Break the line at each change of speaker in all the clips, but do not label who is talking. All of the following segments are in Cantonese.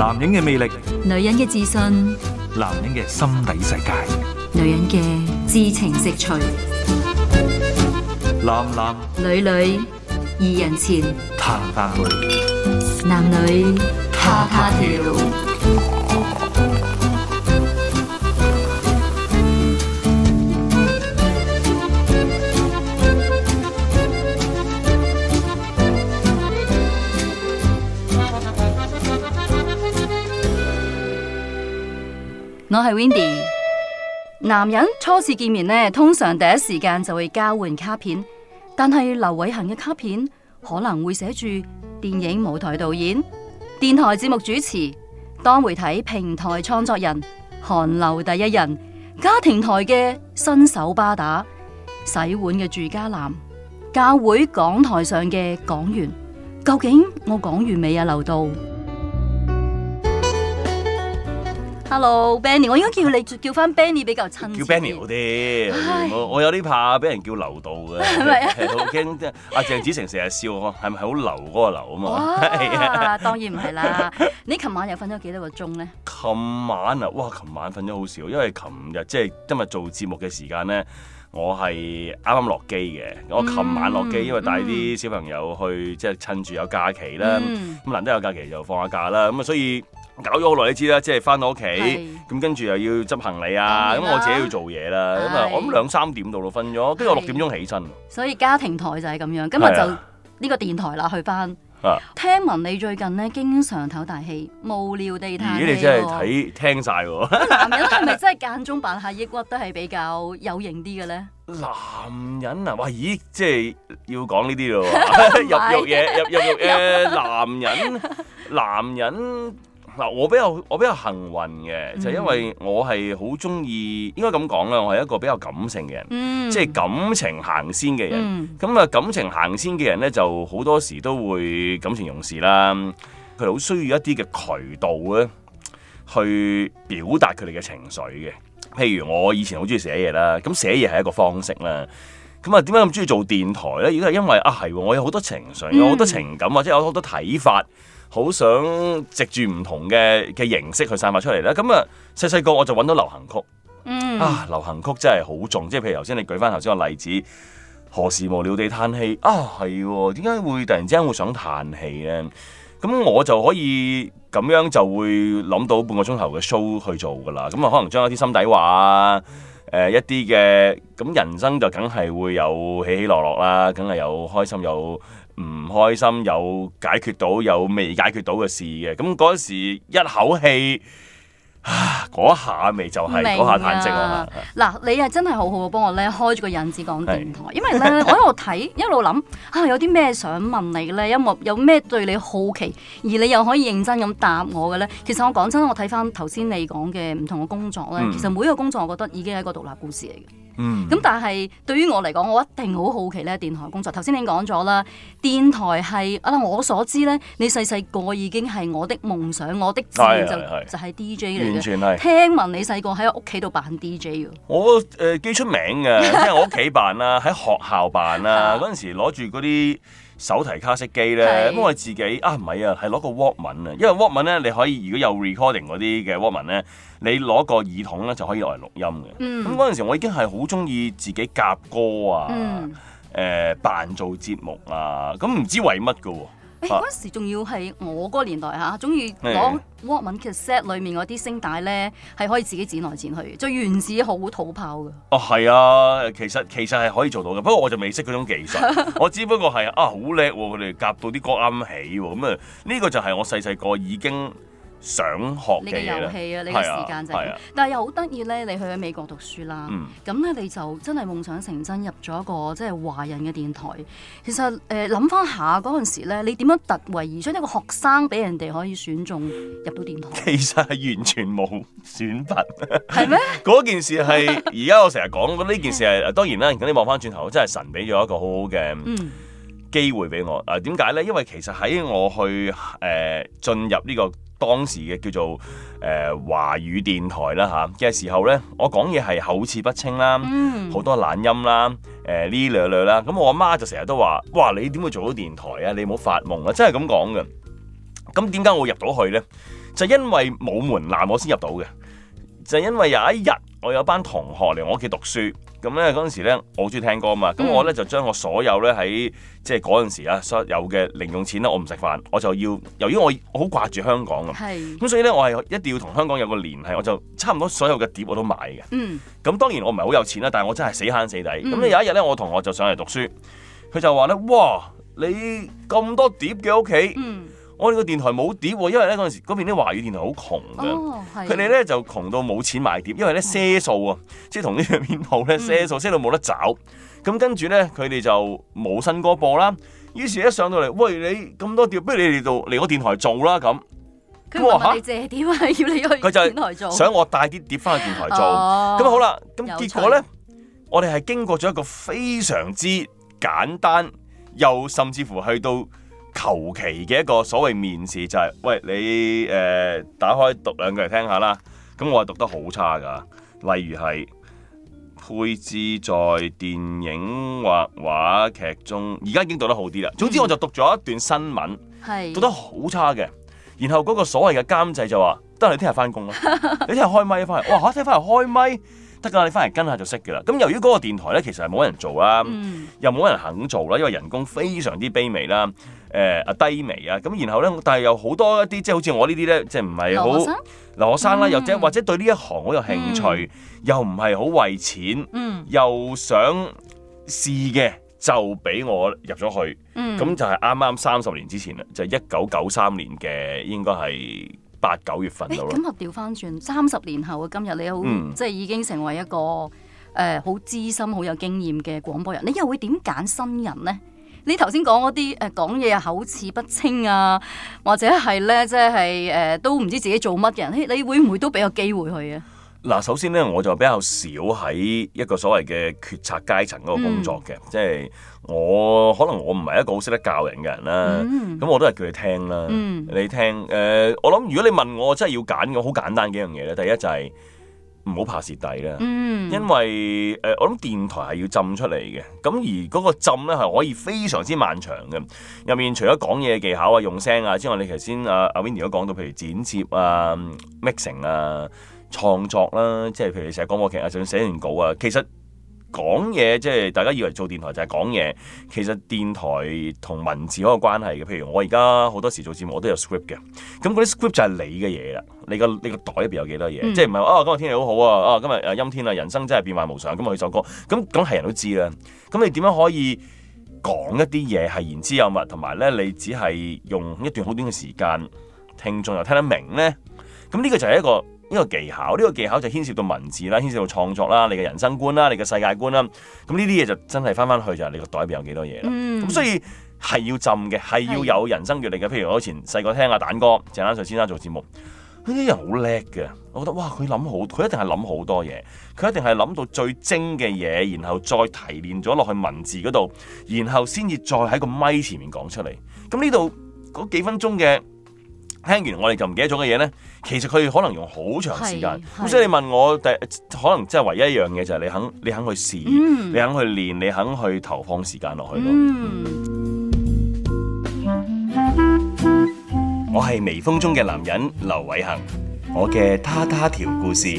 男人嘅魅力，
女人嘅自信，
男人嘅心底世界，
女人嘅至情色趣，男男女女二人前
彈彈去，彈彈彈
男女他她調。女我係 Wendy。男人初次見面呢，通常第一時間就會交換卡片，但係劉偉恒嘅卡片可能會寫住電影舞台導演、電台節目主持、多媒體平台創作人、韓流第一人、家庭台嘅新手巴打、洗碗嘅住家男、教會講台上嘅講員。究竟我講完未啊？劉導？Hello，Benny，我應該叫你叫翻 Benny 比較親啲。叫 Benny 好
啲，唉我有啲怕俾人叫劉導嘅，係咪啊？好驚！阿、 啊、鄭子誠成日笑我，係咪好流嗰個流、哦、啊嘛？哇！
當然唔係啦。 你琴晚又瞓咗幾多個鐘咧？
琴晚啊，哇！琴晚瞓咗好少，因為琴日即係今日做節目嘅時間咧。我係啱啱落機嘅，我琴晚落機，因為帶啲小朋友去，即係趁住有假期啦。咁、嗯、難得有假期就放下假啦，咁啊所以搞咗好耐你知啦，即係翻到屋企，咁跟住又要執行李啊，咁的我自己要做嘢啦，咁啊的我諗兩三點到咯，瞓咗，跟住我六點鐘起身。
所以家庭台就係咁樣，今日就呢個電台啦，去翻。啊！聽聞你最近咧經常透大氣，無聊地嘆氣。咦、哦欸！你真係睇
聽晒喎。 男
人係咪真係間中扮下抑鬱都係比較有型啲嘅咧？男
人啊！喂，咦！即係要講呢啲咯，入肉嘢，入入肉嘢。 男人，男人。嗱，我比較我比較幸運嘅，嗯、就因為我係好中意，應該咁講啦，我係一個比較感性嘅人，嗯、即係感情行先嘅人。咁啊、嗯嗯，感情行先嘅人咧，就好多時都會感情用事啦。佢好需要一啲嘅渠道咧，去表達佢哋嘅情緒嘅。譬如我以前好中意寫嘢啦，咁寫嘢係一個方式啦。咁啊，點解咁中意做電台咧？如果係因為啊，係我有好多情緒，嗯、有好多情感，或者有好多睇法。好想藉住唔同嘅嘅形式去散發出嚟啦。咁啊，細細個我就揾到流行曲，嗯、啊流行曲真係好重，即係譬如頭先你舉翻頭先個例子，何時無聊地嘆氣啊，係，點解、哦、會突然之間會想嘆氣咧？咁我就可以咁樣就會諗到半個鐘頭嘅 show 去做㗎啦，咁啊可能將一啲心底話啊、呃，一啲嘅咁人生就梗係會有起起落落啦，梗係有開心有。唔開心，有解決到、有未解決到嘅事嘅，咁嗰時一口氣嗰下咪就係嗰下嘆息啊！
嗱，啊、你係真係好好幫我咧，開咗個引子講電台，是因為咧 我一路睇一路諗啊，有啲咩想問你嘅咧，有冇有咩對你好奇，而你又可以認真咁答我嘅咧？其實我講真，我睇翻頭先你講嘅唔同嘅工作咧，嗯、其實每一個工作我覺得已經係一個獨立故事嚟嘅。咁、嗯、但係對於我嚟講，我一定好好奇咧電台工作。頭先你講咗啦，電台係，啊我所知咧，你細細個已經係我的夢想，我的志願就係係係就係 DJ 嚟嘅。完全係。聽聞你細個喺屋企度扮 DJ 喎。
我誒、呃、幾出名嘅，就是、我屋企扮啦，喺 學校扮啦、啊，嗰陣 時攞住嗰啲。手提卡式機咧，咁是我自己啊，唔係啊，係攞個 Walkman 啊，man, 因為 Walkman 咧，你可以如果有 recording 嗰啲嘅 Walkman 咧，你攞個耳筒咧就可以用嚟錄音嘅。咁嗰陣時我已經係好中意自己夾歌啊，誒、呃、扮做節目啊，咁唔知為乜嘅喎。誒嗰、哎、時
仲要係我嗰個年代嚇、啊，總要攞 Walkman cassette 裏面嗰啲聲帶咧，係可以自己剪來剪去，最原始好土炮嘅。哦、
啊，係啊，其實其實係可以做到嘅，不過我就未識嗰種技術， 我只不過係啊好叻喎，佢哋、啊、夾到啲歌啱起喎，咁啊呢個就係我細細個已經。想學嘅你個遊戲啊，呢個時間就、啊，啊啊、
但係又好得意咧。你去喺美國讀書啦、啊，咁咧、嗯、你就真係夢想成真，入咗一個即係華人嘅電台。其實誒，諗翻下嗰陣時咧，你點樣突圍而出一個學生，俾人哋可以選中入到電台？
其實係完全冇選拔，係咩？嗰件事係而家我成日講嗰呢件事係當然啦。咁你望翻轉頭，真係神俾咗一個好好嘅機會俾我。啊、呃，點解咧？因為其實喺我去誒、呃、進入呢、呢個。當時嘅叫做誒、呃、華語電台啦嚇嘅時候呢，我講嘢係口齒不清啦，好、mm. 多懶音啦，誒呢啲嗰啲啦，咁我阿媽就成日都話：哇！你點會做到電台啊？你唔好發夢啊！真係咁講嘅。咁點解我入到去呢？就因為冇門檻，我先入到嘅。就因為有一日我有班同學嚟我屋企讀書。咁咧嗰陣時咧，我好中意聽歌啊嘛，咁我咧就將我所有咧喺即係嗰陣時啊，所有嘅零用錢咧，我唔食飯，我就要由於我我好掛住香港咁，咁是所以咧我係一定要同香港有個聯繫，我就差唔多所有嘅碟我都買嘅。咁、嗯、當然我唔係好有錢啦，但係我真係死慳死抵。咁有一日咧，我同學就上嚟讀書，佢就話咧：，哇，你咁多碟嘅屋企？嗯我哋個電台冇碟，因為咧嗰陣時嗰邊啲華語電台好窮嘅，佢哋咧就窮到冇錢買碟，因為咧賒數啊，哦、即係同呢邊鋪咧賒數，賒、嗯、到冇得找。咁跟住咧，佢哋就冇新歌播啦。於是，一上到嚟，喂，你咁多碟，不如你哋到嚟我電台做啦咁。
佢借碟係、啊、要你佢就係電台做，想
我帶啲碟翻去電台做。咁、哦、好啦，咁結果咧，帥我哋係經過咗一個非常之簡單，又甚至乎去到。求其嘅一個所謂面試就係、是，喂，你誒、呃、打開讀兩句嚟聽下啦，咁我係讀得好差㗎。例如係配置在電影或話劇中，而家已經讀得好啲啦。總之我就讀咗一段新聞，係、嗯、讀得好差嘅。然後嗰個所謂嘅監製就話：得啦，你聽日翻工啦，你聽日開咪翻嚟。哇嚇，聽翻嚟開咪。」得噶，你翻嚟跟下就識嘅啦。咁由於嗰個電台咧，其實係冇人做啦、啊，嗯、又冇人肯做啦、啊，因為人工非常之卑微啦、啊，誒啊、嗯呃、低微啊。咁然後咧，但係有好多一啲即係好似我呢啲咧，即係唔係好，羅生啦、啊，又即係或者對呢一行好有興趣，嗯、又唔係好為錢，嗯，又想試嘅，就俾我入咗去。咁、嗯、就係啱啱三十年之前啦，就係一九九三年嘅，應該係。八九月份咯。咁我
調翻轉，三十年後啊，今日你好，即係已經成為一個誒好資深、好有經驗嘅廣播人，你又會點揀新人呢？你頭先講嗰啲誒講嘢口齒不清啊，或者係咧，即係誒都唔知自己做乜嘅人，你會唔會都俾個機會佢啊？
嗱，首先咧，我就比較少喺一個所謂嘅決策階層嗰個工作嘅，即係。我可能我唔係一個好識得教人嘅人啦，咁、嗯、我都係叫你聽啦，嗯、你聽。誒、呃，我諗如果你問我真係要揀，我好簡單嘅一樣嘢咧。第一就係唔好怕蝕底啦，嗯、因為誒、呃、我諗電台係要浸出嚟嘅，咁而嗰個浸咧係可以非常之漫長嘅。入面除咗講嘢嘅技巧啊、用聲啊之外，你頭先阿阿 Windy 都講到，譬如剪接啊、mixing 啊、創作啦、啊，即係譬如成日講廣播劇啊，想寫完稿啊，其實。講嘢即係大家以為做電台就係、是、講嘢，其實電台同文字有個關係嘅。譬如我而家好多時做節目，我都有 script 嘅。咁嗰啲 script 就係你嘅嘢啦，你個你個袋入邊有幾多嘢，嗯、即係唔係話啊，今日天，天氣好好啊！啊，今日誒陰天啊，人生真係變幻無常。咁啊，佢首歌咁咁係人都知啦。咁你點樣可以講一啲嘢係言之有物，同埋咧你只係用一段好短嘅時間，聽眾又聽得明咧？咁呢個就係一個。呢個技巧，呢、這個技巧就牽涉到文字啦，牽涉到創作啦，你嘅人生觀啦，你嘅世界觀啦。咁呢啲嘢就真係返返去就係你個袋入邊有幾多嘢啦。咁、嗯、所以係要浸嘅，係要有人生閱歷嘅。的譬如我以前細個聽阿、啊、蛋哥、鄭丹瑞先生做節目，呢啲人好叻嘅，我覺得哇，佢諗好，佢一定係諗好多嘢，佢一定係諗到最精嘅嘢，然後再提煉咗落去文字嗰度，然後先至再喺個咪前面講出嚟。咁呢度嗰幾分鐘嘅聽完我，我哋就唔記得咗嘅嘢咧。其實佢可能用好長時間，咁所以你問我，第可能即係唯一一樣嘢就係你肯你肯去試，嗯、你肯去練，你肯去投放時間落去咯。嗯、我係微風中嘅男人，劉偉恒，我嘅他她調故事。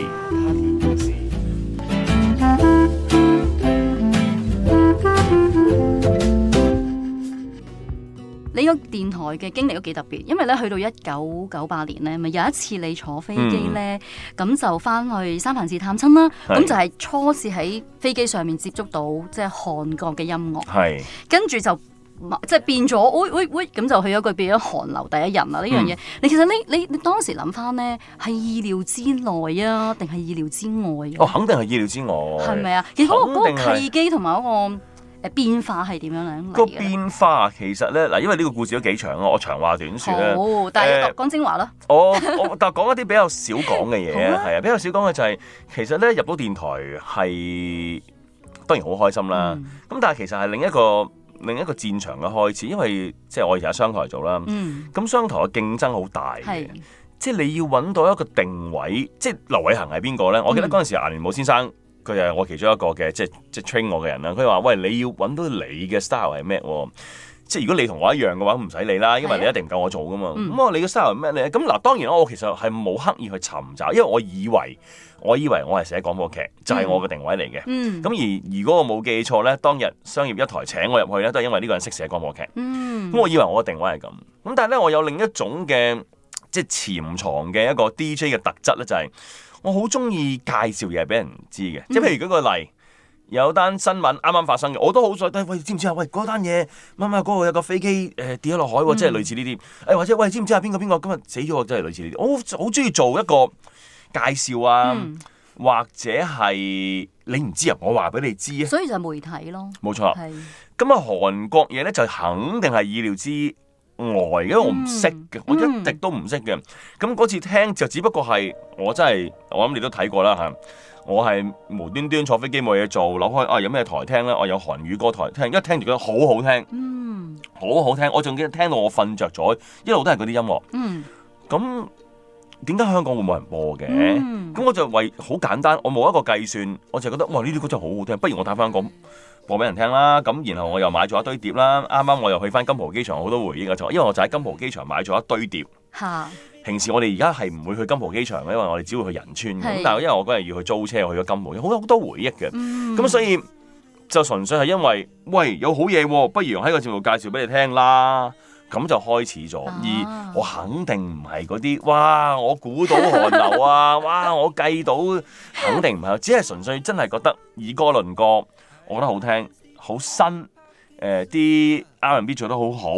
呢個電台嘅經歷都幾特別，因為咧去到一九九八年咧，咪有一次你坐飛機咧，咁、嗯、就翻去三藩市探親啦，咁是就係初次喺飛機上面接觸到即係韓國嘅音樂，
係是
跟住就即係、就是、變咗，喂喂喂，咁就去咗嗰邊變咗韓流第一人啦呢樣嘢。你其實你你你，你當時諗翻咧，係意料之內啊，啊定係意料之外？哦，肯
定係意料之外，係咪啊？其實嗰個嗰個契
機同埋嗰個。誒變化係點
樣嚟？個變化其實咧嗱，因為呢個故事都幾長啊，我長話短説但誒講
精華咯、呃。我
我但我講一啲比較少講嘅嘢，係 啊，比較少講嘅就係、是、其實咧入到電台係當然好開心啦。咁、嗯、但係其實係另一個另一個戰場嘅開始，因為即係我而家喺商台做啦。咁、嗯、商台嘅競爭好大、
嗯、
是即係你要揾到一個定位，即係劉偉恒係邊個咧？我記得嗰陣時顏聯武先生。佢就係我其中一個嘅，即係即係 train 我嘅人啦。佢話：喂，你要揾到你嘅 style 係咩？即係如果你同我一樣嘅話，唔使你啦，因為你一定唔夠我做㗎嘛。咁我你嘅 style 係咩咧？咁嗱，當然我其實係冇刻意去尋找，因為我以為我以為我係寫廣播劇，就係、是、我嘅定位嚟嘅。咁、嗯嗯、而如果我冇記錯咧，當日商業一台請我入去咧，都係因為呢個人識寫廣播劇。咁、嗯、我以為我嘅定位係咁。咁但係咧，我有另一種嘅即係潛藏嘅一個 DJ 嘅特質咧，就係、是。我好中意介紹嘢俾人知嘅，即係譬如舉個例，有單新聞啱啱發生嘅，我都好想，喂，知唔知啊？喂，嗰單嘢，乜乜嗰度有個飛機誒、呃、跌咗落海，嗯、即係類似呢啲，誒、哎、或者喂，知唔知啊？邊個邊個今日死咗，真係類似呢啲，我好中意做一個介紹啊，嗯、或者係你唔知啊，我話俾你知啊，所以
就係媒體咯，
冇錯係咁啊，韓國嘢咧就肯定係意料之呆嘅，我唔識嘅，我一滴都唔識嘅。咁嗰次聽就只不過係我真係，我諗你都睇過啦吓。我係無端端坐飛機冇嘢做，諗開啊有咩台聽咧？我、啊、有韓語歌台聽，一聽就覺得好好聽，好、嗯、好聽。我仲記得聽到我瞓着咗，一路都係嗰啲音樂。咁點解香港會冇人播嘅？咁、嗯、我就為好簡單，我冇一個計算，我就覺得哇，呢啲歌真係好好聽，不如我帶翻港。播俾人聽啦，咁然後我又買咗一堆碟啦。啱啱我又去翻金浦機場，好多回憶啊！就因為我就喺金浦機場買咗一堆碟。啊、平時我哋而家係唔會去金浦機場，因為我哋只會去仁川是但係因為我嗰日要去租車，去咗金浦，有好多好多回憶嘅。嗯。咁所以就純粹係因為，喂，有好嘢，不如喺個節目介紹俾你聽啦。咁就開始咗。而我肯定唔係嗰啲，哇！我估到韓流啊， 哇！我計到，肯定唔係，只係純粹真係覺得以歌論歌。我覺得好聽，好新呃，啲 R&B 做得好好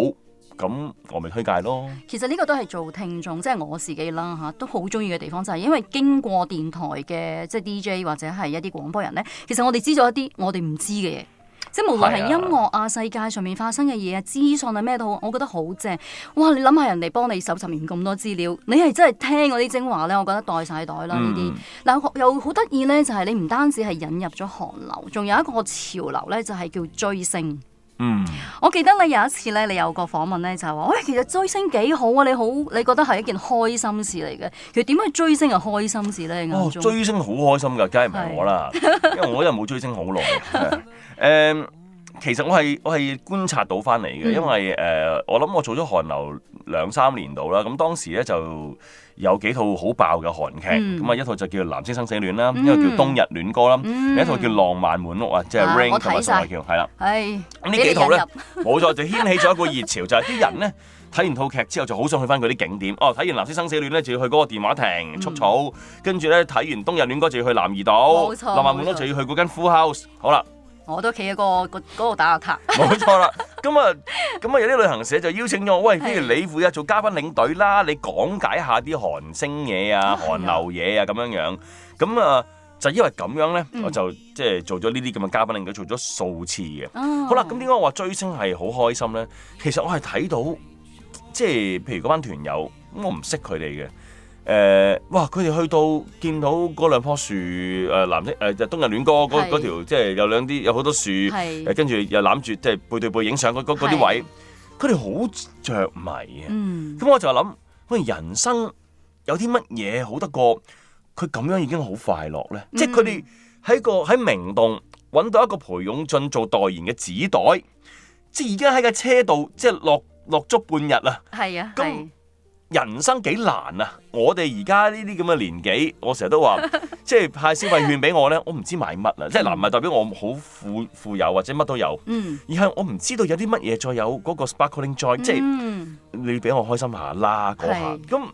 咁，我咪推介咯。
其實呢個都係做聽眾，即係我自己啦嚇，都好中意嘅地方就係因為經過電台嘅即係 DJ 或者係一啲廣播人呢，其實我哋知道一啲我哋唔知嘅嘢。即係無論係音樂啊，世界上面發生嘅嘢啊，資訊啊咩都好，我覺得好正。哇，你諗下人哋幫你搜尋完咁多資料，你係真係聽嗰啲精華咧，我覺得袋晒袋啦呢啲。嗱、嗯，又好得意咧，就係、是、你唔單止係引入咗韓流，仲有一個潮流咧，就係、是、叫追星。嗯，我記得你有一次咧，你有個訪問咧，就係話，喂，其實追星幾好啊！你好，你覺得係一件開心事嚟嘅。其實點解追星係開心事咧？哦，追星
好開心噶，梗係唔係我啦，是 因為我又冇追星好耐。誒。 Um, 其實我係我係觀察到翻嚟嘅，嗯、因為誒、呃，我諗我做咗韓流兩三年度啦。咁當時咧就有幾套好爆嘅韓劇，咁啊、嗯、一套就叫《藍色生死戀》啦、嗯，一、個嗯、一套叫《冬日戀歌》啦，有一套叫《浪漫滿屋》ing, 啊，即係 Rain 同埋宋慧喬，係啦。
咁呢、哎、幾套咧
冇 錯就掀起咗一個熱潮，就係、是、啲人咧睇完套劇之後就好想去翻佢啲景點。哦、啊，睇完《藍色生死戀》咧就要去嗰個電話亭、速草，跟住咧睇完《冬日戀歌》就要去南怡島，錯《浪漫滿屋》就要去嗰間 Full House 好。好啦。
我都企喺個嗰度打個卡，冇錯啦。
咁啊，咁啊有啲旅行社就邀請咗我，喂，不如你會做嘉賓領隊啦，你講解下啲韓星嘢啊、啊韓流嘢啊咁樣樣。咁啊，就因為咁樣咧，嗯、我就即係、就是、做咗呢啲咁嘅嘉賓領隊，做咗數次嘅。嗯、好啦，咁點解我話追星係好開心咧？其實我係睇到，即、就、係、是、譬如嗰班團友，咁我唔識佢哋嘅。誒、呃，哇！佢哋去到見到嗰兩樖樹，誒、呃、藍色，誒、呃、冬日戀歌嗰是條，即、就、係、是、有兩啲有好多樹，誒是跟住又攬住，即、就、係、是、背對背影相嗰嗰啲位，佢哋是好着迷啊！咁、嗯、我就諗，喂，人生有啲乜嘢好得過佢咁樣已經好快樂咧？即係佢哋喺個喺明洞揾到一個裴勇俊做代言嘅紙袋，即係而家喺架車度，即、就、係、是、落落足半日啊！
係啊，係。
人生幾難啊！我哋而家呢啲咁嘅年紀，我成日都話，即係派消費券俾我咧，我唔知買乜啊！ 即係嗱，唔係代表我好富富有或者乜都有，嗯、而係我唔知道有啲乜嘢再有嗰個 sparkling joy，、嗯、即係你俾我開心下啦，嗰下。咁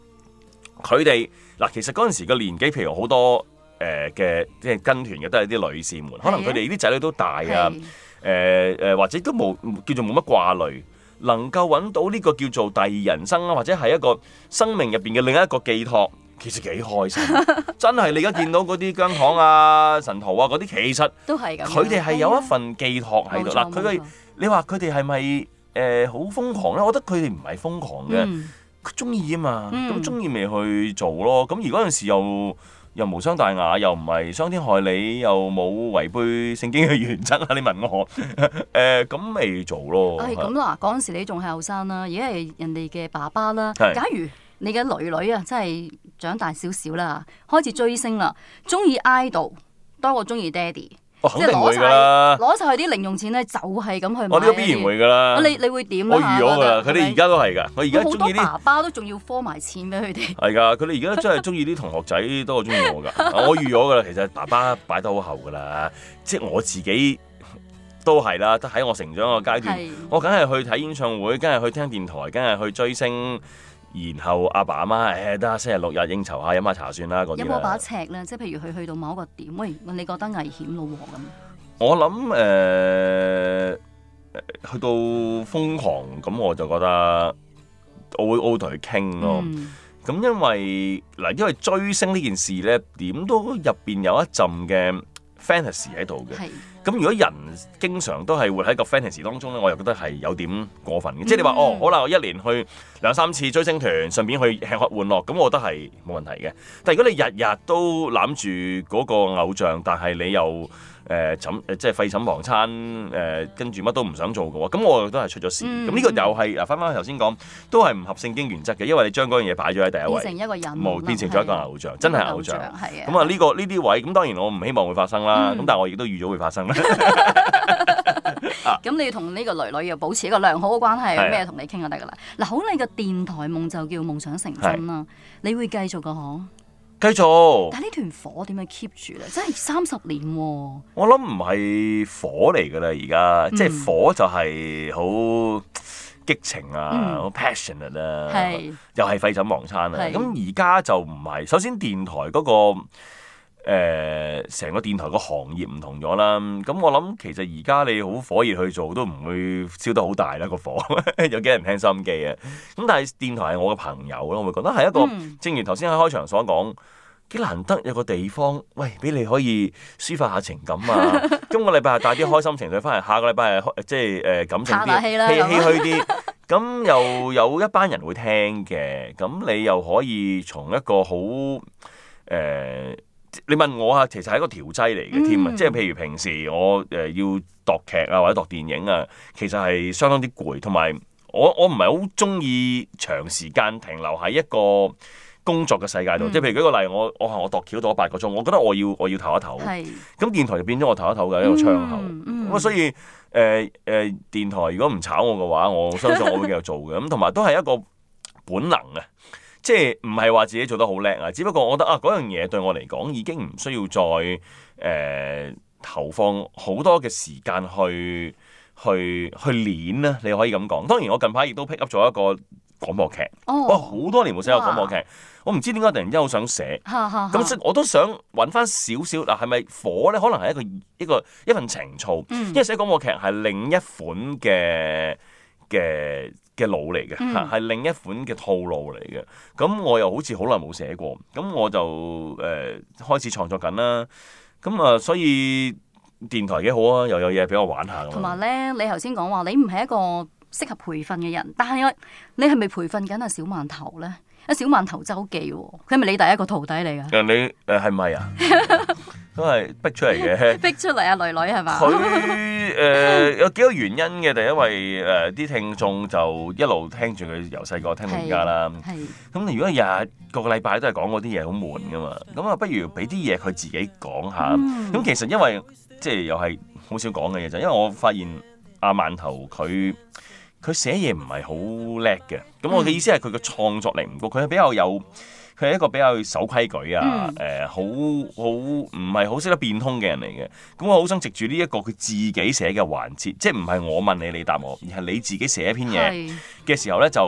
佢哋嗱，其實嗰陣時嘅年紀，譬如好多誒嘅即係跟團嘅都係啲女士們，可能佢哋啲仔女都大啊，誒誒、啊呃呃，或者都冇叫做冇乜掛慮。能夠揾到呢個叫做第二人生啊，或者係一個生命入邊嘅另一個寄託，其實幾開心。 真係你而家見到嗰啲姜糖啊、神徒啊嗰啲，其實都係咁。佢哋係有一份寄託喺度嗱。佢哋、哎、錯你話佢哋係咪誒好瘋狂咧？我覺得佢哋唔係瘋狂嘅，佢中意啊嘛。咁中意咪去做咯。咁而嗰陣時又。又無傷大雅，又唔係傷天害理，又冇違背聖經嘅原則啊！你問我，誒咁未做咯？誒咁，嗱，
嗰陣時你仲係後生啦，而家係人哋嘅爸爸啦。假如你嘅女女啊，真係長大少少啦，開始追星啦，中意 idol 多過中意爹哋哦，我肯定會噶啦，攞曬啲零用錢咧，就係咁去買。我都必然會噶啦。你你會點？我預咗噶啦，
佢哋而家都係噶。我而家中意啲爸
爸都仲要科埋錢俾佢哋。
係噶，佢哋而家真係中意啲同學仔 都好中意我噶。我預咗噶啦，其實爸爸擺得好厚噶啦。即係 我自己都係啦，得喺我成長嘅階段，的我梗係去睇演唱會，梗係去聽電台，梗係去追星。然後阿爸阿媽誒得星期六日應酬下飲下茶算啦。啲有冇把
尺咧？即係譬如佢去，去到某一個點，喂，你覺得危險咯咁。
我諗誒、呃，去到瘋狂咁，我就覺得我會我同佢傾咯。咁、嗯、因為嗱，因為追星呢件事咧，點都入邊有一陣嘅。fantasy 喺度嘅，咁是如果人經常都係活喺個 fantasy 當中呢，我又覺得係有點過分嘅。即係你話哦，好啦，我一年去兩三次追星團，順便去吃喝玩樂，咁我覺得係冇問題嘅。但係如果你日日都攬住嗰個偶像，但係你又誒即係廢寢忘餐誒，跟住乜都唔想做嘅喎，咁我都係出咗事，咁呢個又係嗱，翻翻頭先講，都係唔合聖經原則嘅，因為你將嗰樣嘢擺咗喺第一位，變成一個人，冇變成咗一個偶像，真係偶像。係啊。咁啊，呢個呢啲位，咁當然我唔希望會發生啦，咁但係我亦都預咗會發生。
咁你要同呢個女女又保持一個良好嘅關係，咩同你傾就得㗎啦。嗱，好，你嘅電台夢就叫夢想成真啦，你會繼續嘅呵？
繼續，但係
呢團火點樣 keep 住咧？真係三十年喎、啊。
我諗唔係火嚟㗎啦，而家、嗯、即係火就係好激情啊，好 passionate 啦，啊、是又係廢寢忘餐啦、啊。咁而家就唔係，首先電台嗰、那個。誒，成、呃、個電台個行業唔同咗啦。咁、嗯、我諗其實而家你好火熱去做都唔會燒得好大啦、個火， 有幾人聽收音機啊。咁但係電台係我嘅朋友咯，我會覺得係一個，嗯、正如頭先喺開場所講，幾難得有個地方，喂，俾你可以抒發下情感啊。 今個禮拜帶啲開心情緒翻嚟，下個禮拜係即係誒感情啲，唏唏噓噓啲。咁又有一班人會聽嘅，咁你又可以從一個好誒。呃你問我啊，其實係一個調劑嚟嘅添啊，嗯、即係譬如平時我誒要度劇啊或者度電影啊，其實係相當啲攰，同埋我我唔係好中意長時間停留喺一個工作嘅世界度，即係、嗯、譬如舉個例，我我我度橋度咗八個鐘，我覺得我要我要唞一唞，咁是電台就變咗我唞一唞嘅一個窗口，
咁、嗯嗯、所以
誒誒、呃呃、電台如果唔炒我嘅話，我相信我，我會繼續做嘅，咁同埋都係一個本能嘅。即係唔係話自己做得好叻啊？只不過我覺得啊，嗰樣嘢對我嚟講已經唔需要再誒、呃、投放好多嘅時間去去去練啦。你可以咁講。當然我近排亦都 pick up 咗一個廣播劇，oh. 哇！好多年冇寫過廣播劇，哇我唔知點解突然之間好想寫。咁 即我都想揾翻少少嗱，係咪火咧？可能係一個一個一份情操，mm. 因為寫廣播劇係另一款嘅嘅嘅腦嚟嘅嚇，係、嗯、另一款嘅套路嚟嘅。咁我又好似好耐冇寫過，咁我就誒、呃、開始創作緊啦。咁啊，所以電台幾好啊，又有嘢俾我玩下。同埋
咧，你頭先講話你唔係一個適合培訓嘅人，但係我你係咪培訓緊啊小饅頭咧？阿小饅頭周記喎，哦，佢係咪你第一個徒弟嚟
噶？你誒係咪係啊？ 都係逼出嚟嘅，
逼出嚟啊！女女係嘛？佢誒、
呃、有幾個原因嘅，第一位，誒、呃、啲聽眾就一路聽住佢由細個聽到而家啦。係咁，你如果日個禮拜都係講嗰啲嘢，好悶噶嘛？咁啊，不如俾啲嘢佢自己講下。咁、嗯、其實因為即係又係好少講嘅嘢就，因為我發現阿饅頭佢。佢寫嘢唔係好叻嘅，咁我嘅意思係佢嘅創作力唔高，佢係比較有，佢係一個比較守規矩啊，誒、嗯呃，好好唔係好識得變通嘅人嚟嘅。咁我好想藉住呢一個佢自己寫嘅環節，即係唔係我問你你答我，而係你自己寫一篇嘢嘅是時候呢，就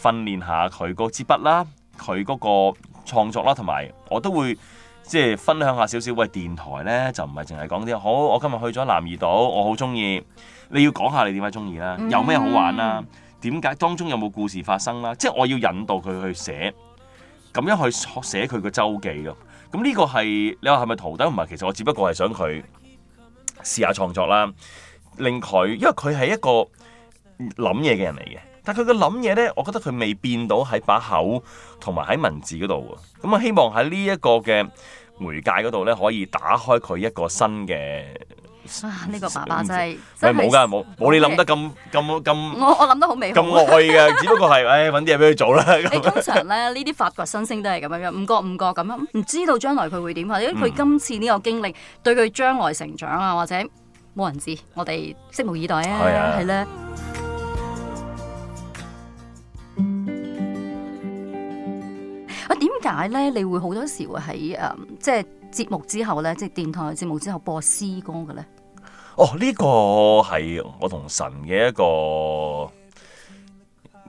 訓練下佢支筆啦，佢嗰個創作啦，同埋我都會即係分享下少少。喂，電台呢就唔係淨係講啲好，我今日去咗南二島，我好中意。你要講下你點解中意啦，有咩好玩啦，點解當中有冇故事發生啦？即係我要引導佢去寫，咁樣去寫佢個周記咯。咁呢個係你話係咪徒弟？唔係，其實我只不過係想佢試下創作啦，令佢因為佢係一個諗嘢嘅人嚟嘅，但係佢嘅諗嘢咧，我覺得佢未變到喺把口同埋喺文字嗰度喎。咁啊，希望喺呢一個嘅媒介嗰度咧，可以打開佢一個新嘅。
呢個爸爸真係真係冇噶，冇冇你諗得咁
咁咁，我
我諗得好美好咁愛嘅，只不
過係誒揾啲嘢俾佢做啦。你通常
咧呢啲發掘新星都係咁樣樣，唔覺唔覺咁樣，唔知道將來佢會點，或者佢今次呢個經歷對佢將來成長啊，或者冇人知，我哋拭目以待啊，係啦。啊點解咧？你會好多時會喺誒，即係。節目之後咧，即係電台節目之後播詩歌嘅咧。
哦，呢、這個係我同神嘅一個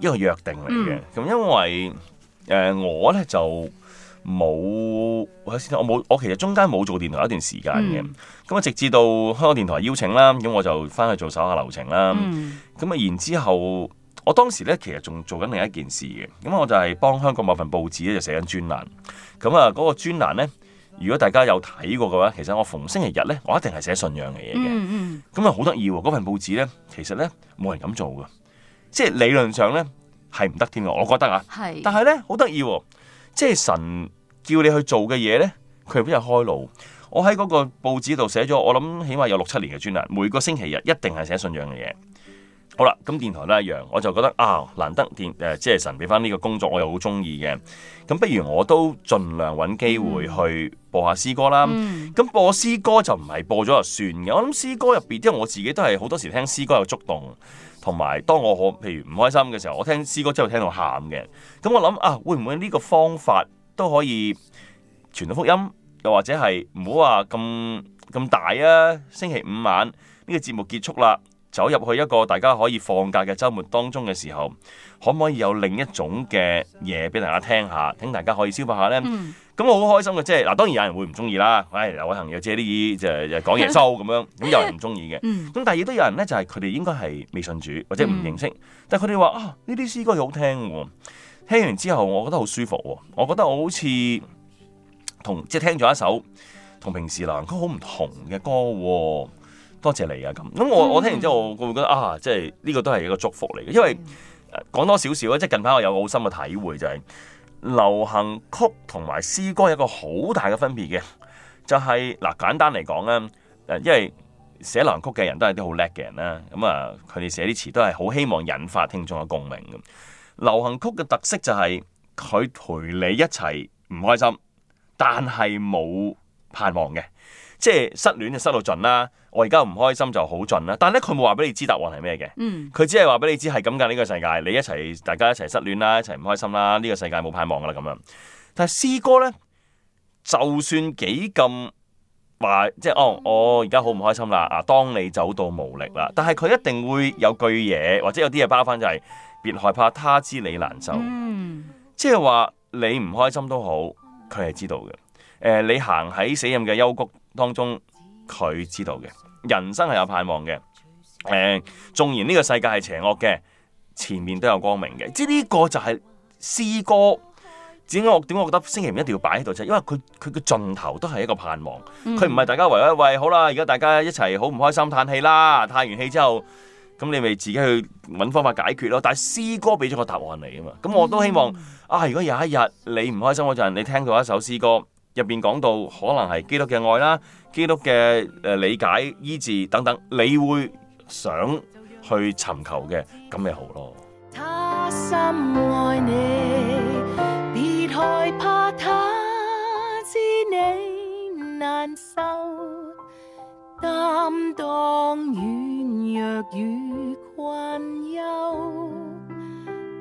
一個約定嚟嘅。咁、嗯、因為誒我咧就冇，先、我冇，我其實中間冇做電台一段時間嘅。咁啊、嗯，直至到香港電台邀請啦，咁我就返去做守下留情啦。咁啊、嗯，然之後我當時咧其實仲做緊另一件事嘅。咁我就係幫香港某份報紙咧就寫緊專欄。咁啊，嗰個專欄咧。如果大家有睇過嘅話，其實我逢星期日咧，我一定係寫信仰嘅嘢嘅。咁啊、mm，好得意喎！嗰份報紙咧，其實咧冇人咁做嘅，即係理論上咧係唔得添嘅。我覺得啊，係是。但係咧，好得意喎！即係神叫你去做嘅嘢咧，佢本身開路。我喺嗰個報紙度寫咗，我諗起碼有六七年嘅專欄，每個星期日一定係寫信仰嘅嘢。好啦，咁電台都一樣，我就覺得啊，難得電誒，即、呃、係神俾翻呢個工作，我又好中意嘅。咁不如我都盡量揾機會去播下詩歌啦。咁、嗯、播詩歌就唔係播咗就算嘅。我諗詩歌入邊，因為我自己都係好多時聽詩歌有觸動，同埋當我可譬如唔開心嘅時候，我聽詩歌之後聽到喊嘅。咁我諗啊，會唔會呢個方法都可以傳到福音？又或者係唔好話咁咁大啊？星期五晚呢個節目結束啦。走入去一個大家可以放假嘅週末當中嘅時候，可唔可以有另一種嘅嘢俾大家聽下，請大家可以消化下呢？咁我好開心嘅，即係嗱，當然有人會唔中意啦。喂、哎，劉偉恒又借啲意，就就係、講耶穌咁樣，咁有人唔中意嘅。咁、嗯、但係亦都有人呢，就係佢哋應該係未信主或者唔認識，嗯、但係佢哋話啊，呢啲詩歌好聽、哦，聽完之後我覺得好舒服、哦，我覺得我好似同即係聽咗一首同平時流行歌好唔同嘅歌、哦。多謝你啊！咁咁我我聽完之後，我我會覺得啊，即係呢個都係一個祝福嚟嘅，因為講、呃、多少少咧，即係近排我有個好深嘅體會，就係、是、流行曲同埋詩歌有一個好大嘅分別嘅，就係、是、嗱簡單嚟講咧，誒，因為寫流行曲嘅人都係啲好叻嘅人啦，咁啊，佢哋寫啲詞都係好希望引發聽眾嘅共鳴嘅。流行曲嘅特色就係、是、佢陪你一齊唔開心，但係冇盼望嘅。即係失戀就失到盡啦，我而家唔開心就好盡啦。但係咧，佢冇話俾你知答案係咩嘅，佢、嗯、只係話俾你知係咁噶。呢、這個世界你一齊大家一齊失戀啦，一齊唔開心啦，呢、這個世界冇盼望噶啦咁樣。但係詩歌呢，就算幾咁話，即係哦，我而家好唔開心啦。啊，當你走到無力啦，但係佢一定會有句嘢，或者有啲嘢包翻，就係、是、別害怕，他知你難受。嗯、即係話你唔開心都好，佢係知道嘅。誒、呃，你行喺死蔭嘅幽谷。當中佢知道嘅人生係有盼望嘅，誒、呃，縱然呢個世界係邪惡嘅，前面都有光明嘅。即係呢個就係詩歌。點解我點解覺得星期五一定要擺喺度就啫？因為佢佢嘅盡頭都係一個盼望，佢唔係大家唯一唯喂，好啦，而家大家一齊好唔開心，嘆氣啦，嘆完氣之後，咁你咪自己去揾方法解決咯。但係詩歌俾咗個答案嚟啊嘛。咁我都希望、嗯、啊，如果有一日你唔開心嗰陣，你聽到一首詩歌。入邊講到可能係基督嘅愛啦，基督嘅誒理解、醫治等等，你會想去尋求嘅，咁咪好咯。他
心愛你，別害怕，他知你難受，擔當軟弱與困憂，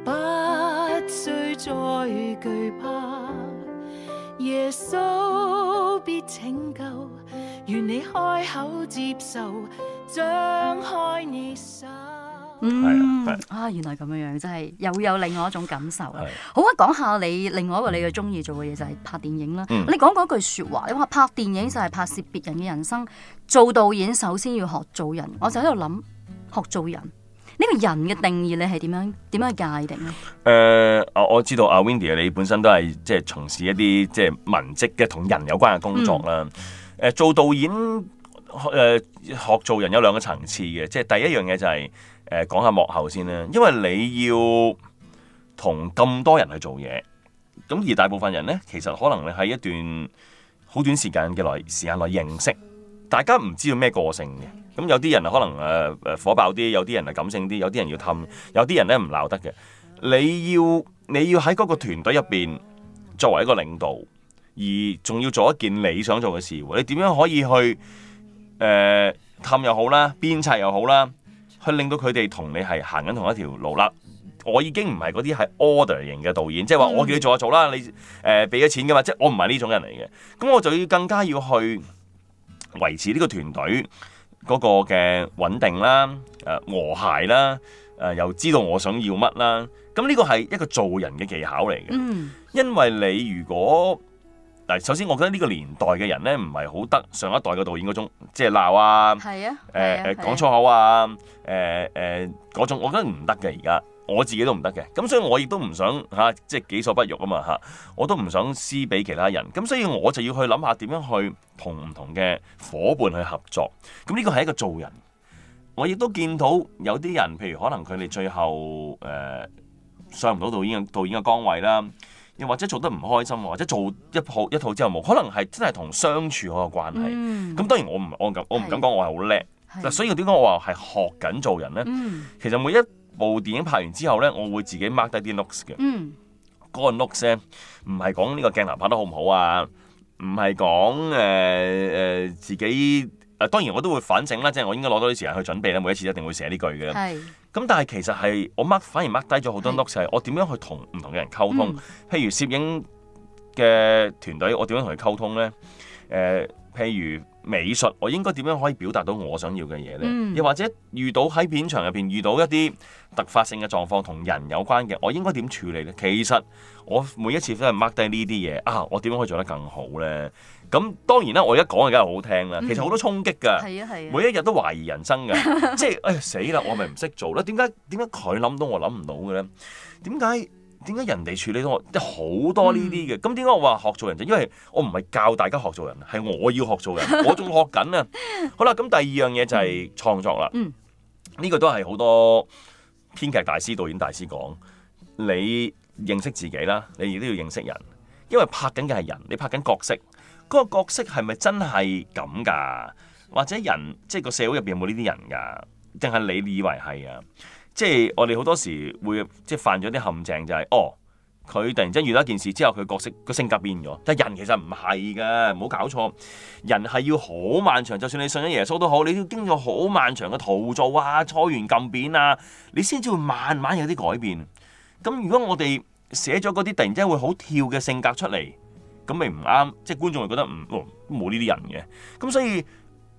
不需再懼怕。耶穌必拯救，yes, so, o, 願你開口接受，張開你手嗯。
嗯啊，原來咁樣樣，真係又有另外一種感受。的好啊，講下你另外一個你嘅中意做嘅嘢就係、是、拍電影啦。嗯、你講嗰句說話，你話拍電影就係拍攝別人嘅人生，做導演首先要學做人。我就喺度諗，學做人。呢個人嘅定義，你係點樣點樣去界定咧？
誒、呃，我我知道阿 Windy，你本身都係即係從事一啲即係文職嘅同人有關嘅工作啦。誒、嗯呃，做導演誒、呃、學做人有兩個層次嘅，即係第一樣嘢就係誒講下幕後先啦，因為你要同咁多人去做嘢，咁而大部分人咧其實可能你喺一段好短時間嘅內時間內認識，大家唔知道咩個性嘅。咁、嗯、有啲人可能誒誒、呃呃、火爆啲；有啲人係感性啲；有啲人要氹；有啲人咧唔鬧得嘅。你要你要喺嗰個團隊入邊作為一個領導，而仲要做一件你想做嘅事。你點樣可以去誒氹又好啦，鞭策又好啦，去令到佢哋同你係行緊同一條路啦？我已經唔係嗰啲係 order 型嘅導演，即係話我叫你做就做啦。你誒俾咗錢㗎嘛，即係我唔係呢種人嚟嘅。咁我就要更加要去維持呢個團隊。嗰個嘅穩定啦，誒、呃、和諧啦，誒、呃、又知道我想要乜啦，咁呢個係一個做人嘅技巧嚟嘅。
嗯、
因為你如果嗱，首先我覺得呢個年代嘅人咧，唔係好得上一代嘅導演嗰種，即係鬧啊，係啊，
誒誒講粗口
啊，誒誒嗰種，我覺得唔得嘅而家。我自己都唔得嘅，咁所以我亦都唔想嚇、啊，即係己所不欲啊嘛嚇，我都唔想施俾其他人，咁所以我就要去諗下點樣去同唔同嘅伙伴去合作，咁呢個係一個做人。我亦都見到有啲人，譬如可能佢哋最後誒、呃、上唔到導演導演嘅崗位啦，又或者做得唔開心，或者做一套一套之後冇，可能係真係同相處嗰個關
係。咁、
嗯、當然我唔我敢是我唔敢講我係好叻，所以點解我話係學緊做人呢？嗯、其實每一部電影拍完之後咧，我會自己 mark 低啲 notes 嘅。嗯，嗰個 notes 咧，唔係講呢個鏡頭拍得好唔好啊，唔係講誒誒自己、呃。當然我都會反省啦，即、就、係、是、我應該攞多啲時間去準備啦。每一次一定會寫呢句嘅啦。係是。咁但係其實係我 mark，反而 mark 低咗好多 notes 係是我點樣去同唔同嘅人溝通。嗯、譬如攝影嘅團隊，我點樣同佢溝通咧？誒、呃。譬如美術，我應該點樣可以表達到我想要嘅嘢咧？嗯、又或者遇到喺片場入邊遇到一啲突發性嘅狀況，同人有關嘅，我應該點處理咧？其實我每一次都係 mark 低呢啲嘢啊，我點樣可以做得更好咧？咁當然啦，我而家講嘅梗係好聽啦，其實好多衝擊㗎，嗯啊啊、每一日都懷疑人生㗎， 即係唉、哎、死啦，我咪唔識做啦？點解點解佢諗到我諗唔到嘅咧？點解？點解人哋處理到我？即係好多呢啲嘅。咁點解我話學做人就係因為我唔係教大家學做人，係我要學做人，我仲學緊啊！ 好啦，咁第二樣嘢就係創作啦。呢、嗯嗯、個都係好多編劇大師、導演大師講你認識自己啦，你亦都要認識人，因為拍緊嘅係人，你拍緊角色，嗰、那個角色係咪真係咁噶？或者人即係個社會入邊有冇呢啲人噶？定係你，你以為係啊？即係我哋好多時會即係犯咗啲陷阱，就是，就係哦，佢突然之間遇到一件事之後，佢角色個性格變咗。但係人其實唔係噶，唔好搞錯，人係要好漫長。就算你信咗耶穌都好，你要經過好漫長嘅陶造啊，菜完咁變啊，你先至會慢慢有啲改變。咁，嗯、如果我哋寫咗嗰啲突然之間會好跳嘅性格出嚟，咁咪唔啱，即係觀眾會覺得唔，哦，冇呢啲人嘅。咁，嗯、所以。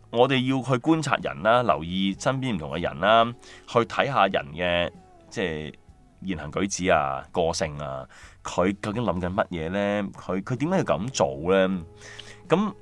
我哋要去觀察人啦，留意身邊唔同嘅人啦，去睇下人嘅即係言行舉止啊、個性啊，佢究竟諗緊乜嘢咧？佢佢點解要咁做咧？咁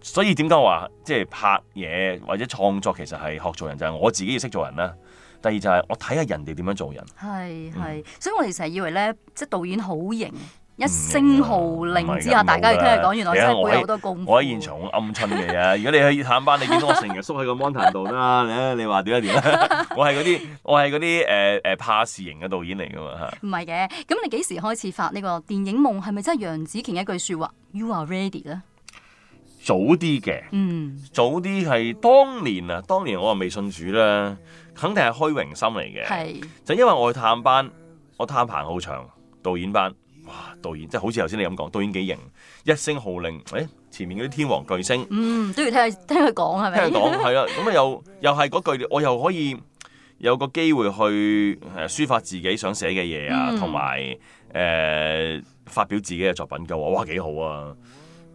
所以點解話即係拍嘢或者創作其實係學做人就係、是，我自己要識做人啦。第二就係我睇下人哋點樣做人。
係係、嗯、所以我成日以為咧，即係導演好型。一聲號令之下，大家要聽佢講，原來真係會有好多功夫。我
喺現場暗春嘅啊！ 如果你去探班，你見到我成日縮喺個 Mon 度啦，你你話點啊點啊？我係嗰啲，我係嗰啲誒誒怕事型嘅導演嚟噶嘛吓？
唔係嘅，咁你幾時開始發呢個電影夢？係咪真係楊紫瓊一句說話？You are ready 咧？
早啲嘅，嗯，早啲係當年啊，當年我啊未信主啦，肯定係虛榮心嚟嘅，係的就因為我去探班，我探棚好長，導演班。導演即係好似頭先你咁講，導演幾型，一聲號令，誒、哎，前面嗰啲天王巨星，
嗯，都要聽佢聽佢講係咪？聽佢講係
啦，咁啊 又又係嗰句，我又可以有個機會去誒，抒發自己想寫嘅嘢啊，同埋誒，發表自己嘅作品嘅話，哇，幾好啊！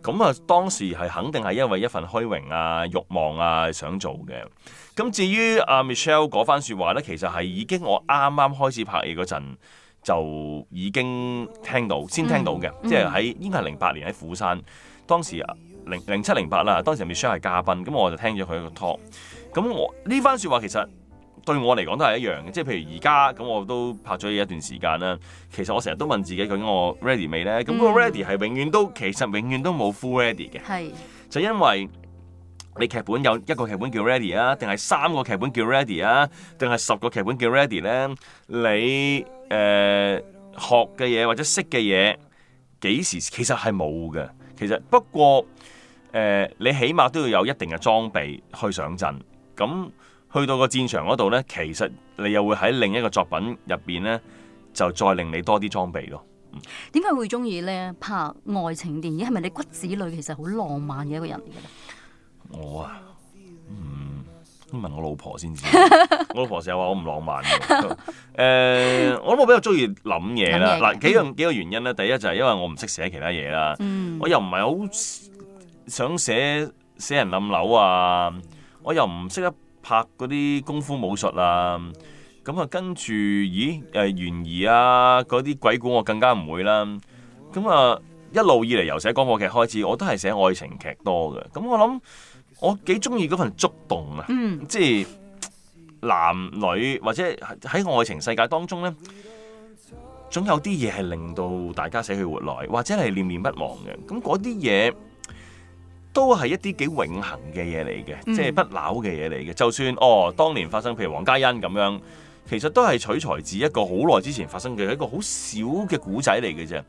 咁啊，當時係肯定係因為一份虛榮啊、慾望啊想做嘅。咁至於阿、啊、Michelle 嗰番說話咧，其實係已經我啱啱開始拍戲嗰陣。就已經聽到，先聽到嘅，嗯嗯、即係喺應該係零八年喺釜山，當時零零七零八啦，0, 0 8, 當時 Michelle 係嘉賓，咁我就聽咗佢個 talk。咁我呢番説話其實對我嚟講都係一樣嘅，即係譬如而家咁，我都拍咗一段時間啦。其實我成日都問自己，究竟我 ready 未呢？咁個 ready 係永遠都、嗯、其實永遠都冇 full ready 嘅，係是就因為你劇本有一個劇本叫 ready 啊，定係三個劇本叫 ready 啊，定係十個劇本叫 ready 咧？你誒、呃，學嘅嘢或者識嘅嘢，幾時其實係冇嘅。其實，其實不過，誒、呃，你起碼都要有一定嘅裝備去上陣。咁去到個戰場嗰度呢，其實你又會喺另一個作品入邊呢，就再令你多啲裝備咯。嗯，
點解會中意呢？拍愛情電影？係咪你骨子裏其實好浪漫嘅一個人嚟嘅？
我啊，嗯問我老婆先知， 我老婆成日話我唔浪漫嘅。誒、 呃，我諗我比較中意諗嘢啦。嗱，幾樣幾個原因咧，第一就係因為我唔識寫其他嘢啦。嗯、我又唔係好想寫寫人冧樓啊，我又唔識得拍嗰啲功夫武術啊。咁啊，跟住，咦？誒、呃，懸疑啊，嗰啲鬼故我更加唔會啦。咁啊，一路以嚟由寫廣播劇開始，我都係寫愛情劇多嘅。咁我諗。我幾中意嗰份觸動啊！嗯、即係男女或者喺愛情世界當中呢，總有啲嘢係令到大家死去活來，或者係念念不忘嘅。咁嗰啲嘢都係一啲幾永恒嘅嘢嚟嘅，即係不朽嘅嘢嚟嘅。就，是嗯、就算哦，當年發生譬如王家欣咁樣，其實都係取材自一個好耐之前發生嘅一個好少嘅古仔嚟嘅啫。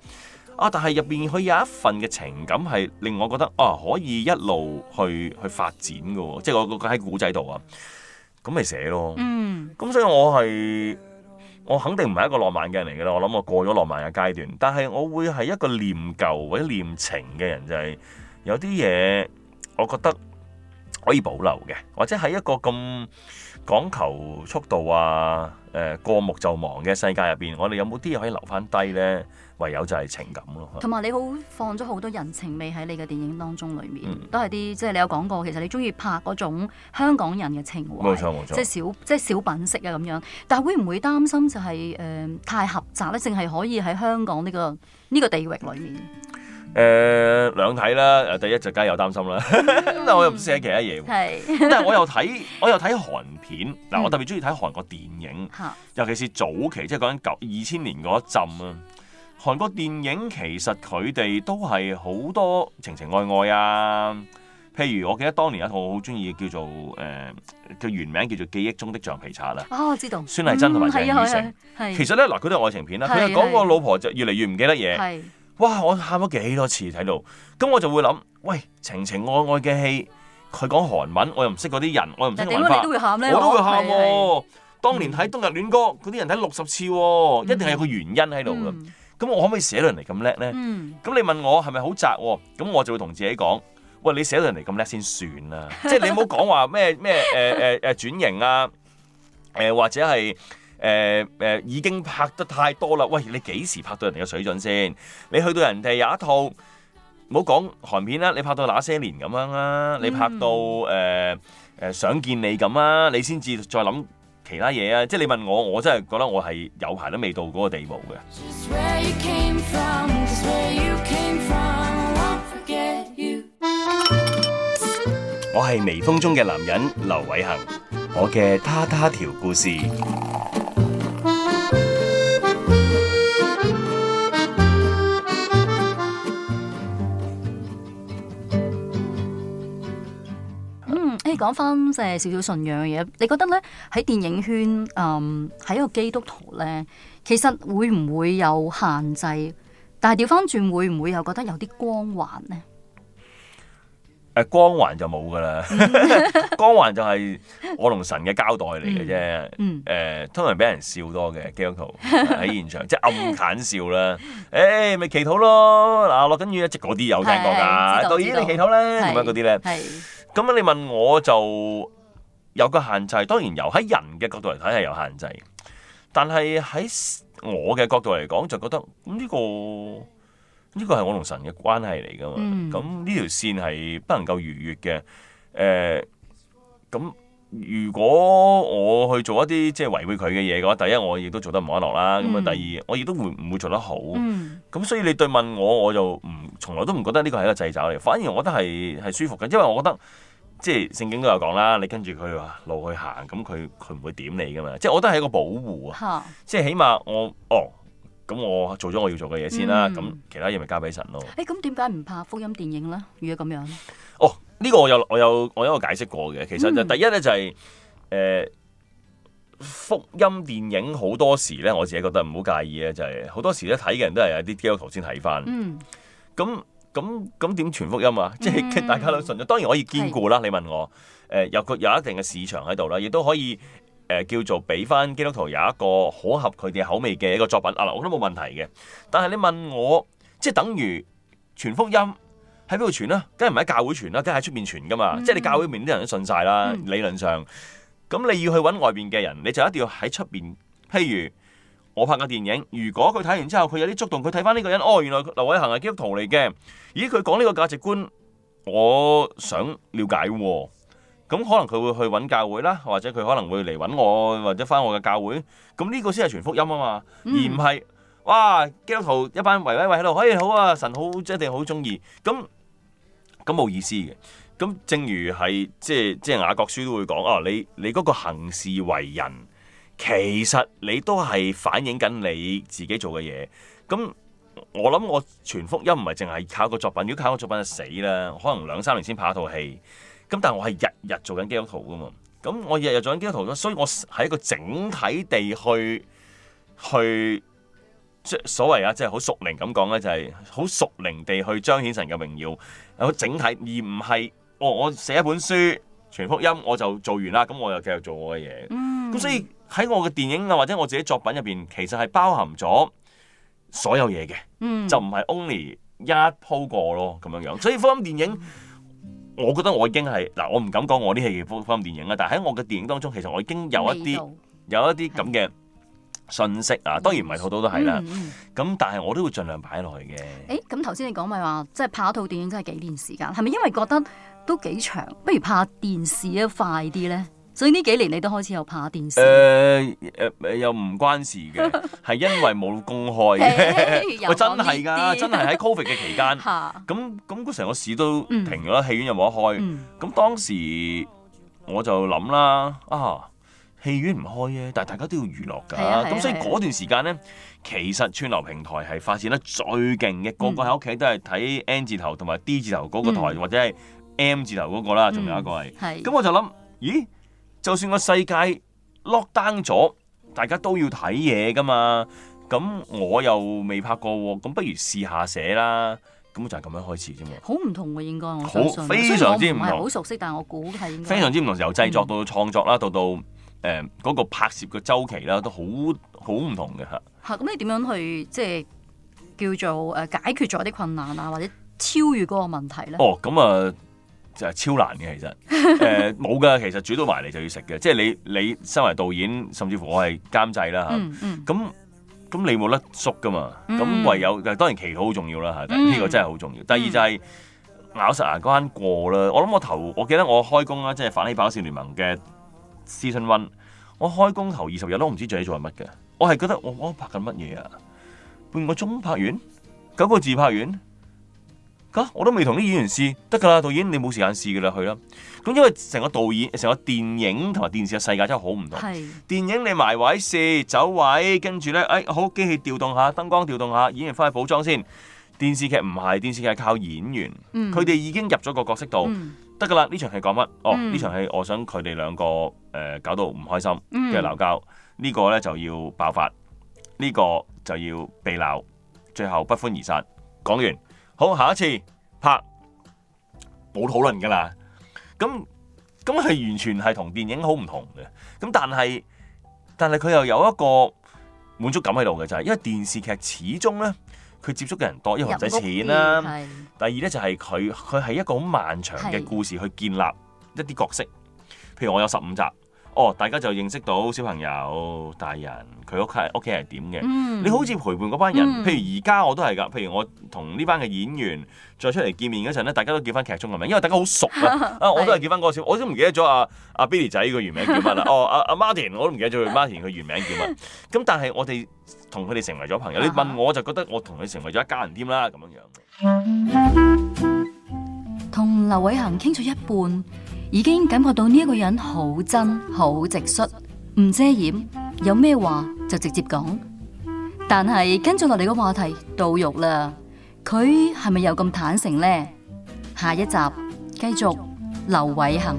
啊！但係入邊佢有一份嘅情感，係令我覺得啊，可以一路去去發展噶、哦，即係我我喺古仔度啊，咁咪寫咯。嗯，咁所以我係我肯定唔係一個浪漫嘅人嚟噶啦。我諗我過咗浪漫嘅階段，但係我會係一個念舊或者念情嘅人，就係、是、有啲嘢我覺得可以保留嘅，或者喺一個咁講求速度啊、誒、呃、過目就忘嘅世界入邊，我哋有冇啲嘢可以留翻低咧？唯有就係情感咯，同埋
你好放咗好多人情味喺你嘅電影當中裏面，嗯、都係啲即係你有講過，其實你中意拍嗰種香港人嘅情懷，冇錯冇錯，即係小即係、就是、小品式啊咁樣。但係會唔會擔心就係、是、誒、呃、太狹窄咧？淨係可以喺香港呢、這個呢、這個地域裏面？
誒、嗯嗯呃、兩睇啦，第一就梗係有擔心啦， 但我又唔寫其他嘢，
係、
嗯，但係我又睇我又睇韓片嗱，嗯、我特別中意睇韓國電影，嗯、尤其是早期即係講緊二千年嗰一陣啦。韓國電影其實佢哋都係好多情情愛愛啊，譬如我記得當年一套好中意叫做誒嘅、呃、原名叫做《記憶中的橡皮擦》啦。哦，我知道。孫藝珍同埋鄭雨盛。嗯啊啊啊啊、其實咧嗱，佢都係愛情片啦。佢係講個老婆就越嚟越唔記得嘢。係、啊。哇！我喊咗幾多次睇到，咁、嗯、我就會諗：喂，情情愛愛嘅戲，佢講韓文，我又唔識嗰啲人，我又唔識文化，你都會喊我都會喊、啊。啊啊嗯、當年睇《冬日戀歌》，嗰啲人睇六十次、啊，一定係有個原因喺度㗎。嗯嗯。咁我可唔可以寫到人哋咁叻咧？咁、嗯、你問我係咪好雜？咁我就會同自己講：喂，你寫到人哋咁叻先算啦、啊。 即係你唔好講話咩咩誒誒誒轉型啊，誒、呃、或者係誒誒已經拍得太多啦。喂，你幾時拍到人哋嘅水準先？你去到人哋有一套，唔好講韓片啦，你拍到那些年咁樣啦、啊，你拍到誒誒、呃呃、想見你咁啊，你先至再諗。其他嘢啊，即係你問我，我真係覺得我係有排都未到嗰個地步
嘅。
我係微風中嘅男人，劉偉恒，我嘅他她調故事。
講翻即係少少信仰嘅嘢，你覺得咧喺電影圈，嗯喺一個基督徒咧，其實會唔會有限制？但係調翻轉會唔會又覺得有啲光環呢？
誒，光環就冇噶啦，光環就係我同神嘅交代嚟嘅啫。誒，通常俾人笑多嘅基督徒喺現場，即係暗淡笑啦。誒，咪祈禱咯，嗱落緊雨，即係嗰啲有聽過噶導演你祈禱咧，咁樣嗰啲咧係。咁啊！你問我就有個限制，當然由喺人嘅角度嚟睇係有限制，但係喺我嘅角度嚟講，就覺得咁呢、個呢個係我同神嘅關係嚟噶嘛。咁呢條線係不能夠逾越嘅。誒、呃，咁如果我去做一啲即係違背佢嘅嘢嘅話，第一我亦都做得唔安樂啦。咁啊，第二我亦都會唔會做得好？咁、嗯、所以你對問我，我就唔從來都唔覺得呢個係一個掣肘嚟，反而我覺得係係舒服嘅，因為我覺得。即係聖經都有講啦，你跟住佢話路去行，咁佢佢唔會點你噶嘛。即係我覺得係一個保護啊，即係起碼我哦，咁我做咗我要做嘅嘢先啦，咁、嗯、其他嘢咪交俾神咯。
誒、哎，咁點解唔怕福音電影咧？如果咁樣呢？
哦、呢、這個我有我有我有一個解釋過嘅，其實就第一咧就係、是、誒、呃、福音電影好多時咧，我自己覺得唔好介意啊，就係、是、好多時咧睇嘅人都係有啲基督徒先睇翻，咁、嗯。嗯咁咁點傳福音啊？即係大家都信咗，當然可以兼顧啦。是你問我，誒、呃、有個有一定嘅市場喺度啦，亦都可以誒、呃、叫做俾翻基督徒有一個好合佢哋口味嘅一個作品啊！嗱，我都冇問題嘅。但係你問我，即係等於傳福音喺邊度傳啊？梗係唔喺教會傳啦，梗係喺出邊傳噶嘛？即係、嗯、你教會面啲人都信晒啦，嗯、理論上，咁你要去揾外邊嘅人，你就一定要喺出邊，譬如。我拍嘅電影，如果佢睇完之後佢有啲觸動，佢睇翻呢個人，哦，原來劉偉恒係基督徒嚟嘅。咦，佢講呢個價值觀，我想了解喎，咁可能佢會去揾教會啦，或者佢可能會嚟揾我，或者翻我嘅教會，咁呢個先係傳福音啊嘛。而唔係哇基督徒一班圍圍圍喺度，可以好啊，神好一定好中意，咁咁冇意思嘅，咁正如係即係即係雅各書都會講，哦，你你嗰個行事為人。其實你都係反映緊你自己做嘅嘢。咁我諗，我全福音唔係淨係靠一個作品。如果靠一個作品就死啦。可能兩三年先拍一套戲。咁，但係我係日日做緊基督徒㗎嘛。咁我日日做緊基督徒，所以我係一個整體地去去即所謂啊，即係好熟靈咁講咧，就係、是、好熟靈地去彰顯神嘅榮耀。好整體而唔係哦，我寫一本書全福音我就做完啦。咁我又繼續做我嘅嘢。咁所以。喺我嘅電影啊，或者我自己作品入邊，其實係包含咗所有嘢嘅，嗯、就唔係 only 一鋪過咯咁樣樣。所以福音電影，嗯、我覺得我已經係嗱，嗯、我唔敢講我啲戲係福音電影啊，但喺我嘅電影當中，其實我已經有一啲道有一啲咁嘅信息啊。的當然唔係套套都係啦，咁、嗯、但係我都會盡量擺落去嘅。誒、
欸，咁頭先你講咪話，即係拍一套電影真係幾年時間，係咪因為覺得都幾長，不如拍電視啊快啲咧？所以呢幾年你都開始有拍電視？
誒誒，又唔關事嘅，係因為冇公開嘅，真係㗎，真係喺 Covid 嘅期間。咁咁，成個市都停咗啦，戲院又冇得開。咁當時我就諗啦，啊戲院唔開啫，但係大家都要娛樂㗎。咁所以嗰段時間咧，其實串流平台係發展得最勁嘅，個個喺屋企都係睇 N 字頭同埋 D 字頭嗰個台，或者係 M 字頭嗰個啦，仲有一個係。咁我就諗，咦？就算個世界 lock down 咗，大家都要睇嘢噶嘛。咁我又未拍過，咁不如試下寫啦。咁就係咁樣開始啫嘛。
好唔同嘅應該，我好非常之唔係好熟悉，但係我估係應該非常
之唔同，由製作到創作啦，到到誒嗰、嗯呃嗰個拍攝嘅周期啦，都好好唔同嘅吓。
吓咁、啊、你點樣去即係叫做誒解決咗啲困難啊，或者超越嗰個問題咧？哦
咁啊！嗯呃就係超難嘅，其實誒冇噶，其實煮到埋嚟就要食嘅，即係你你身為導演，甚至乎我係監製啦嚇。咁咁、嗯嗯、你冇甩縮噶嘛？咁、嗯、唯有，當然祈禱好重要啦嚇，呢個真係好重要。第二就係咬實牙關過啦。我諗我頭，我記得我開工啦、啊，即係反起跑線聯盟嘅 season one，我開工頭二十日都唔知自己做係乜嘅。我係覺得我我拍緊乜嘢啊？半個鐘拍完，九個字拍完。我都未同啲演員試得噶啦，導演你冇時間試噶啦，去啦。咁因為成個導演、成個電影同埋電視嘅世界真係好唔同。係是電影你埋位試走位，跟住呢，哎好機器調動下，燈光調動下，演員翻去補妝先。電視劇唔係，電視劇係靠演員，佢哋、嗯、已經入咗個角色度得噶啦。呢、嗯、場戲講乜？哦，呢、嗯、場戲我想佢哋兩個誒、呃、搞到唔開心，跟住鬧交。呢個呢、這個、就要爆發，呢、這個就要被鬧，最後不歡而散。講完。好，下一次拍冇討論㗎喇，咁咁係完全係同電影好唔同嘅，咁但係但係佢又有一個滿足感喺度嘅就係、是，因為電視劇始終咧佢接觸嘅人多一人、啊，因為唔使錢啦。第二咧就係佢佢係一個好漫長嘅故事去建立一啲角色，是譬如我有十五集。哦，大家就認識到小朋友、大人，佢屋企屋企係點嘅。嗯、你好似陪伴嗰班人，嗯、譬如而家我都係噶，譬如我同呢班嘅演員再出嚟見面嗰陣咧，大家都叫翻劇中嘅名，因為大家好熟啦。 啊，我都係叫翻嗰個小，我都唔記得咗啊啊 Billy 仔個原名叫乜啦。 哦，阿、啊、阿、啊、Martin 我都唔記得咗佢 Martin 佢原名叫乜。咁 但係我哋同佢哋成為咗朋友，你問我就覺得我同佢成為咗一家人添啦，咁樣樣。
同 劉偉恒傾咗一半。已經感覺到呢一個人好真好直率，唔遮掩，有咩話就直接講。但係跟住落嚟嘅話題，到肉啦，佢係咪又咁坦誠呢？下一集繼續劉偉恒。